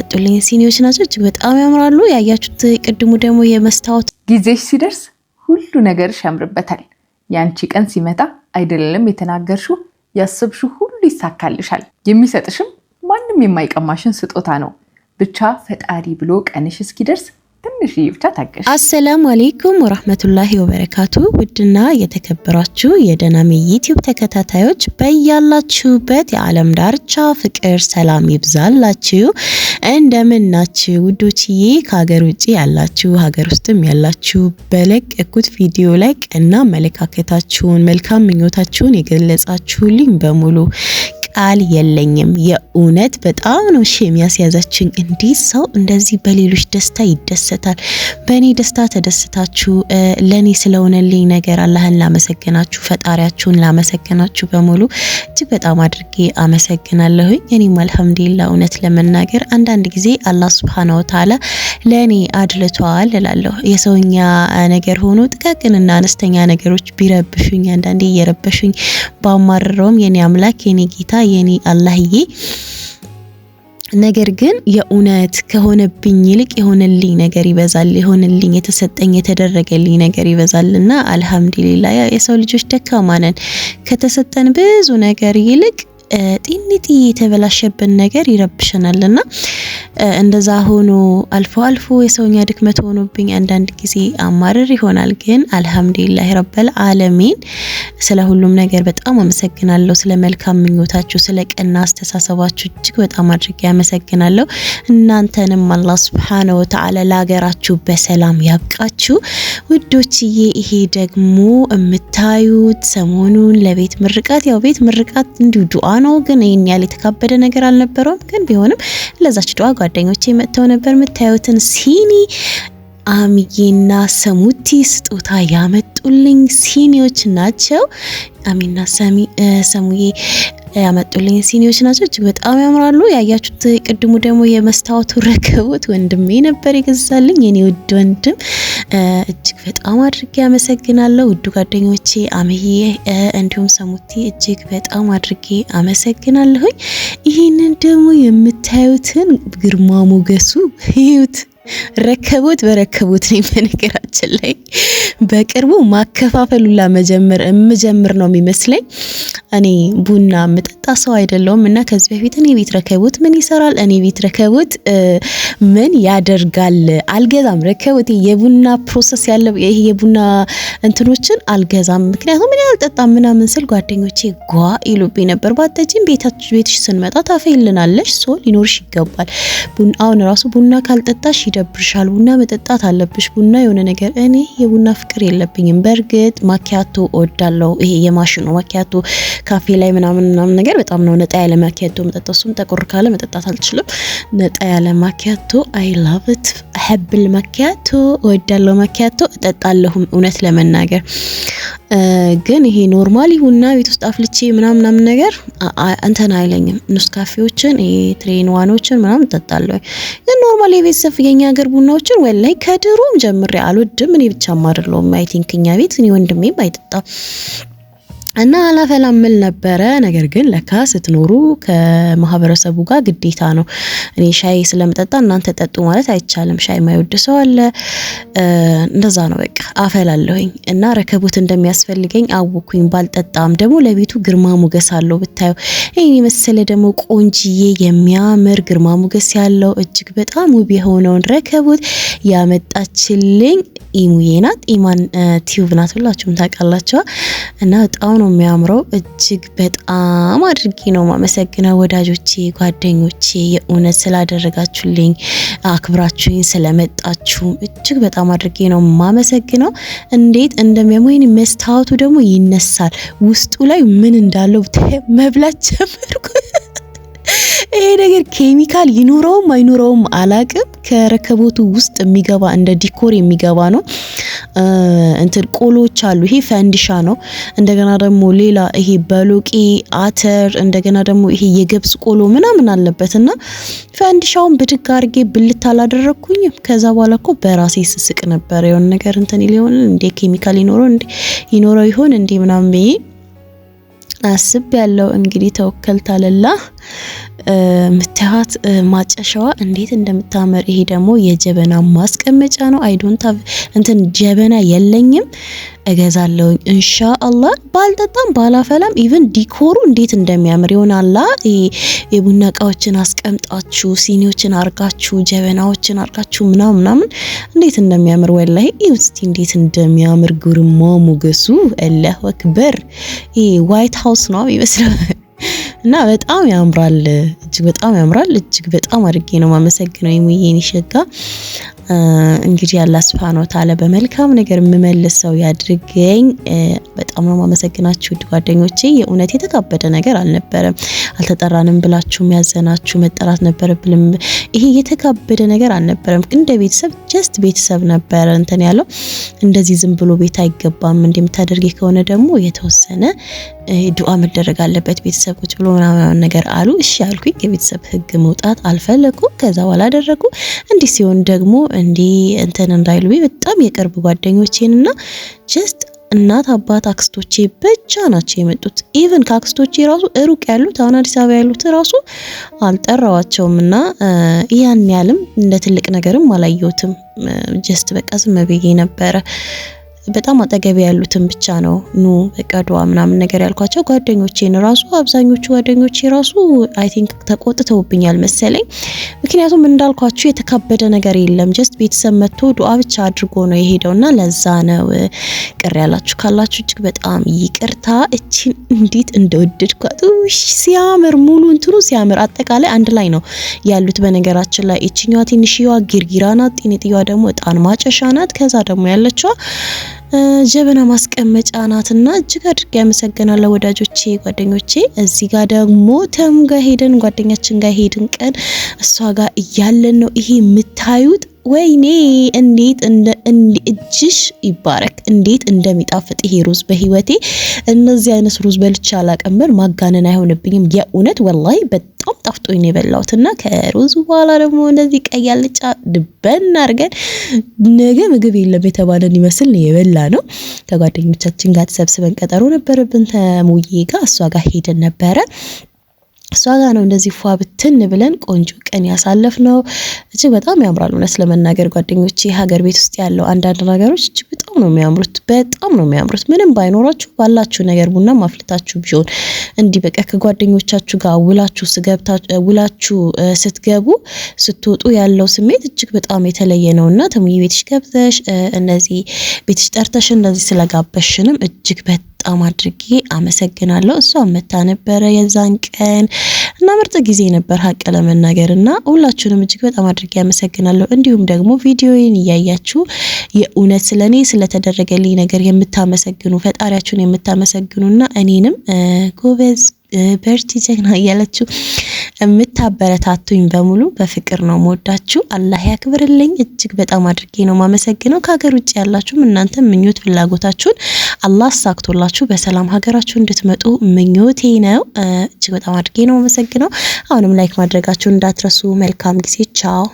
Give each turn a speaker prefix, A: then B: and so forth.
A: ያመጡልኝ ሲኒዎች ናቸው። እጅግ በጣም ያምራሉ። ያያችሁት ቅድሙ ደግሞ የመስታወት
B: ጊዜሽ ሲደርስ ሁሉ ነገር ያምርበታል። የአንቺ ቀን ሲመጣ አይደለም የተናገርሹ ያሰብሹ ሁሉ ይሳካልሻል። የሚሰጥሽም ማንም የማይቀማሽን ስጦታ ነው። ብቻ ፈጣሪ ብሎ ቀንሽ እስኪደርስ ትንሽ ብቻ ታገሽ።
A: አሰላሙ አሌይኩም ወራህመቱላሂ ወበረካቱ። ውድና የተከበሯችሁ የደናሜ ዩቲዩብ ተከታታዮች በያላችሁበት የዓለም ዳርቻ ፍቅር ሰላም ይብዛላችሁ። እንደምን ናችሁ ውዶችዬ? ከሀገር ውጭ ያላችሁ ሀገር ውስጥም ያላችሁ በለቀኩት ቪዲዮ ላይ ቀና አመለካከታችሁን መልካም ምኞታችሁን የገለጻችሁልኝ በሙሉ ቃል የለኝም። የእውነት በጣም ነው እሺ የሚያስያዛችን። እንዲህ ሰው እንደዚህ በሌሎች ደስታ ይደሰታል። በእኔ ደስታ ተደስታችሁ ለእኔ ስለሆነልኝ ነገር አላህን ላመሰግናችሁ፣ ፈጣሪያችሁን ላመሰግናችሁ በሙሉ እጅግ በጣም አድርጌ አመሰግናለሁኝ። እኔም አልሐምዱሊላ እውነት ለመናገር አንዳንድ ጊዜ አላህ ስብሓነ ወተዓላ ለእኔ አድልቷል እላለሁ። የሰውኛ ነገር ሆኖ ጥቃቅንና አነስተኛ ነገሮች ቢረብሹኝ አንዳንዴ እየረበሹኝ ባማርረውም የኔ አምላክ የኔ ጌታ የኔ አላህዬ ነገር ግን የእውነት ከሆነብኝ ይልቅ የሆነልኝ ነገር ይበዛል። የሆነልኝ የተሰጠኝ የተደረገልኝ ነገር ይበዛልና አልሐምዱሊላ። የሰው ልጆች ደካማ ነን። ከተሰጠን ብዙ ነገር ይልቅ ጢኒጢ የተበላሸብን ነገር ይረብሸናል እና እንደዛ ሆኖ አልፎ አልፎ የሰውኛ ድክመት ሆኖብኝ አንዳንድ ጊዜ አማርር ይሆናል። ግን አልሐምዱሊላህ ረበል አለሚን ስለ ሁሉም ነገር በጣም አመሰግናለሁ። ስለ መልካም ምኞታችሁ፣ ስለ ቀና አስተሳሰባችሁ እጅግ በጣም አድርጌ አመሰግናለሁ። እናንተንም አላህ ሱብሓነሁ ወተዓላ ለሀገራችሁ በሰላም ያብቃችሁ ውዶችዬ። ይሄ ደግሞ የምታዩት ሰሞኑን ለቤት ምርቃት ያው ቤት ምርቃት እንዲሁ ዱአ ነው። ግን ይህን ያህል የተካበደ ነገር አልነበረውም። ግን ቢሆንም ለዛች ድዋ ጓደኞቼ መጥተው ነበር። የምታዩትን ሲኒ አሚዬና ሰሙቲ ስጦታ ያመጡልኝ ሲኒዎች ናቸው። አሚና ሰሙዬ ያመጡልኝ ሲኒዎች ናቸው። እጅግ በጣም ያምራሉ። ያያችሁት ቅድሙ ደግሞ የመስታወቱ ረከቦት ወንድሜ ነበር የገዛልኝ። የኔ ውድ ወንድም እጅግ በጣም አድርጌ አመሰግናለሁ። ውዱ ጓደኞቼ አምዬ፣ እንዲሁም ሰሙቲ እጅግ በጣም አድርጌ አመሰግናለሁኝ። ይህንን ደግሞ የምታዩትን ግርማ ሞገሱ ይዩት። ረከቡት በረከቡት ነው። በነገራችን ላይ በቅርቡ ማከፋፈሉላ መጀመር የምጀምር ነው የሚመስለኝ እኔ ቡና ምጠ ሰው አይደለውም እና ከዚህ በፊት እኔ ቤት ረከቡት ምን ይሰራል፣ እኔ ቤት ረከቡት ምን ያደርጋል፣ አልገዛም። ረከቡት የቡና ፕሮሰስ ያለው ይሄ የቡና እንትኖችን አልገዛም፣ ምክንያቱም እኔ አልጠጣም ምናምን ስል ጓደኞቼ ጓ ይሉብኝ ነበር። ባተጂም ቤትሽ ስንመጣ ታፈይልናለሽ፣ ሶ ሊኖርሽ ይገባል። አሁን ራሱ ቡና ካልጠጣሽ ይደብርሻል፣ ቡና መጠጣት አለብሽ፣ ቡና የሆነ ነገር። እኔ የቡና ፍቅር የለብኝም። በእርግጥ ማኪያቶ እወዳለሁ፣ ይሄ የማሽኑ ማኪያቶ ካፌ ላይ ምናምን ምናምን ነገር በጣም ነው ነጣ ያለ ማኪያቶ መጠጣ። እሱም ጠቆር ካለ መጠጣት አልችልም። ነጣ ያለ ማኪያቶ አይ ላቭ ኢት ሀብል ማኪያቶ እወዳለሁ። ማኪያቶ እጠጣለሁም እውነት ለመናገር ግን ይሄ ኖርማሊ ይሁንና ቤት ውስጥ አፍልቼ ምናምናም ነገር እንትን አይለኝም። ኑስካፌዎችን ይሄ ትሬን ዋኖችን ምናምን እጠጣለሁ። ግን ኖርማሊ የቤተሰብ የኛ ሀገር ቡናዎችን ወላይ ከድሮም ጀምሬ አልወድም። እኔ ብቻ ማድለውም አይ ቲንክ እኛ ቤት እኔ ወንድሜም አይጠጣም። እና አላፈላም ምል ነበረ። ነገር ግን ለካ ስትኖሩ ከማህበረሰቡ ጋር ግዴታ ነው። እኔ ሻይ ስለምጠጣ እናንተ ጠጡ ማለት አይቻልም። ሻይ ማይወድ ሰው አለ። እንደዛ ነው በቃ አፈላለሁኝ እና ረከቦት እንደሚያስፈልገኝ አወኩኝ። ባልጠጣም ደግሞ ለቤቱ ግርማ ሞገስ አለው ብታዩ። ይህ የመሰለ ደግሞ ቆንጅዬ የሚያምር ግርማ ሞገስ ያለው እጅግ በጣም ውብ የሆነውን ረከቦት ያመጣችልኝ ኢሙዬ ናት። ኢማን ቲዩብ ናት፣ ሁላችሁም ታውቃላችኋ እና በጣም ነው የሚያምረው። እጅግ በጣም አድርጌ ነው ማመሰግነው ወዳጆቼ፣ ጓደኞቼ የእውነት ስላደረጋችሁልኝ፣ አክብራችሁኝ ስለመጣችሁ እጅግ በጣም አድርጌ ነው ማመሰግነው። እንዴት እንደሚያሞይን መስታወቱ ደግሞ ይነሳል። ውስጡ ላይ ምን እንዳለው መብላት ጀመርኩ። ይሄ ነገር ኬሚካል ይኑረውም አይኑረውም አላቅም። ከረከቦቱ ውስጥ የሚገባ እንደ ዲኮር የሚገባ ነው። እንትን ቆሎች አሉ። ይሄ ፈንዲሻ ነው። እንደገና ደግሞ ሌላ ይሄ በሎቄ አተር፣ እንደገና ደግሞ ይሄ የገብስ ቆሎ ምናምን አለበት እና ፈንዲሻውን ብድግ አርጌ ብልት አላደረግኩኝም። ከዛ በኋላ እኮ በራሴ ስስቅ ነበር። የሆነ ነገር እንትን ሊሆን እንዴ ኬሚካል ይኖረው እንዴ ይኖረው ይሆን እንዴ ምናምን ብዬ አስብ ያለው እንግዲህ ተወከልታለላ ምትሃት ማጨሻዋ እንዴት እንደምታምር ይሄ ደግሞ የጀበና ማስቀመጫ ነው። አይዶንት እንትን ጀበና የለኝም እገዛለሁ እንሻ ባልጠጣም ባላፈላም። ኢቨን ዲኮሩ እንዴት እንደሚያምር ይሆናላ። የቡና እቃዎችን አስቀምጣችሁ ሲኒዎችን አርጋችሁ ጀበናዎችን አርጋችሁ ምናምን ምናምን እንዴት እንደሚያምር ወላሂ ውስቲ እንዴት እንደሚያምር ግርማ ሞገሱ አላሁ አክበር። ዋይት ሀውስ ነው ይመስላል እና በጣም ያምራል፣ እጅግ በጣም ያምራል። እጅግ በጣም አድርጌ ነው ማመሰግነው የሙዬን ይሸጋ እንግዲህ አላህ ሱብሃነሁ ወተዓላ በመልካም ነገር የምመልስ ያድርገኝ። በጣም ነው ማመሰግናችሁ ውድ ጓደኞቼ። የእውነት የተካበደ ነገር አልነበረም። አልተጠራንም ብላችሁ ያዘናችሁ መጠራት ነበረብንም ይሄ የተካበደ ነገር አልነበረም። እንደ ቤተሰብ ጀስት ቤተሰብ ነበረ እንትን ያለው እንደዚህ ዝም ብሎ ቤት አይገባም። እንደምታደርጊ ከሆነ ደግሞ የተወሰነ ዱዓ መደረግ አለበት ቤተሰቦች ብሎ ምናምን ነገር አሉ። እሺ አልኩኝ። የቤተሰብ ህግ መውጣት አልፈለኩም። ከዛ በኋላ አደረጉ። እንዲህ ሲሆን ደግሞ እንዲህ እንትን እንዳይሉ በጣም የቅርብ ጓደኞቼን እና ጀስት እናት አባት አክስቶቼ ብቻ ናቸው የመጡት። ኢቨን ከአክስቶቼ ራሱ ሩቅ ያሉት አሁን አዲስ አበባ ያሉት ራሱ አልጠራዋቸውም እና ያን ያልም እንደ ትልቅ ነገርም አላየሁትም። ጀስት በቃ ዝም ብዬ ነበረ። በጣም አጠገቤ ያሉትን ብቻ ነው ኑ በቃ ምናምን ነገር ያልኳቸው ጓደኞቼን ራሱ አብዛኞቹ ጓደኞቼ ራሱ አይ ቲንክ ተቆጥተውብኛል መሰለኝ። ምክንያቱም እንዳልኳችሁ የተካበደ ነገር የለም። ጀስት ቤተሰብ መጥቶ ድዋ ብቻ አድርጎ ነው እና ለዛ ነው ቅር ያላችሁ ካላችሁ እጅግ በጣም ይቅርታ። እችን እንዴት እንደወደድኳት ሲያምር፣ ሙሉ እንትኑ ሲያምር፣ አጠቃላይ አንድ ላይ ነው ያሉት። በነገራችን ላይ እችኛዋ ትንሽዋ ጊርጊራ ናት፣ ጤኔጥያዋ ደግሞ እጣን ማጨሻ ናት። ከዛ ደግሞ ያለችዋ ጀበና ማስቀመጫ ናትና እጅግ አድርጌ ያመሰግናለሁ ወዳጆቼ፣ ጓደኞቼ። እዚህ ጋር ደግሞ ተሙ ጋር ሄደን ጓደኛችን ጋር ሄድን ቀን እሷ ጋር እያለን ነው ይሄ የምታዩት ወይኔ እንዴት እጅሽ ይባረክ፣ እንዴት እንደሚጣፍጥ ይሄ ሩዝ። በህይወቴ እነዚህ አይነት ሩዝ በልቼ አላቀምር ማጋነን አይሆንብኝም። የእውነት ወላሂ ጣፍጦኝ ነው የበላሁት እና ከሩዝ በኋላ ደግሞ እንደዚህ ቀይ አልጫ ድበን አድርገን ነገ ምግብ የለም የተባለን ይመስል የበላ ነው። ከጓደኞቻችን ጋር ተሰብስበን ቀጠሮ ነበረብን ተሙዬ ጋር እሷ ጋር ሄደን ነበረ። እሷ ጋር ነው እንደዚህ ፏ ብትን ብለን ቆንጆ ቀን ያሳለፍ ነው። እጅግ በጣም ያምራል። እውነት ለመናገር ጓደኞቼ ሀገር ቤት ውስጥ ያለው አንዳንድ ነገሮች እጅግ ነው የሚያምሩት። በጣም ነው የሚያምሩት። ምንም ባይኖራችሁ ባላችሁ ነገር ቡና ማፍልታችሁ ቢሆን እንዲህ በቃ ከጓደኞቻችሁ ጋር ውላችሁ ውላችሁ ስትገቡ ስትወጡ ያለው ስሜት እጅግ በጣም የተለየ ነው እና ተሙ ቤትሽ ገብተሽ እነዚህ ቤትሽ ጠርተሽ እነዚህ ስለጋበሽንም እጅግ በጣም አድርጌ አመሰግናለሁ። እሷ መታ ነበረ የዛን ቀን እና ምርጥ ጊዜ ነበር ሀቅ ለመናገር እና ሁላችሁንም እጅግ በጣም አድርጌ ያመሰግናለሁ። እንዲሁም ደግሞ ቪዲዮዬን እያያችሁ የእውነት ስለ ስለተደረገልኝ ነገር የምታመሰግኑ ፈጣሪያችሁን የምታመሰግኑና እኔንም ጎበዝ በርቺ ጀግና እያለችው የምታበረታቱኝ በሙሉ በፍቅር ነው መወዳችሁ። አላህ ያክብርልኝ። እጅግ በጣም አድርጌ ነው ማመሰግነው። ከሀገር ውጭ ያላችሁም እናንተ ምኞት ፍላጎታችሁን አላህ አሳክቶላችሁ በሰላም ሀገራችሁ እንድትመጡ ምኞቴ ነው። እጅግ በጣም አድርጌ ነው ማመሰግነው። አሁንም ላይክ ማድረጋችሁን እንዳትረሱ። መልካም ጊዜ። ቻው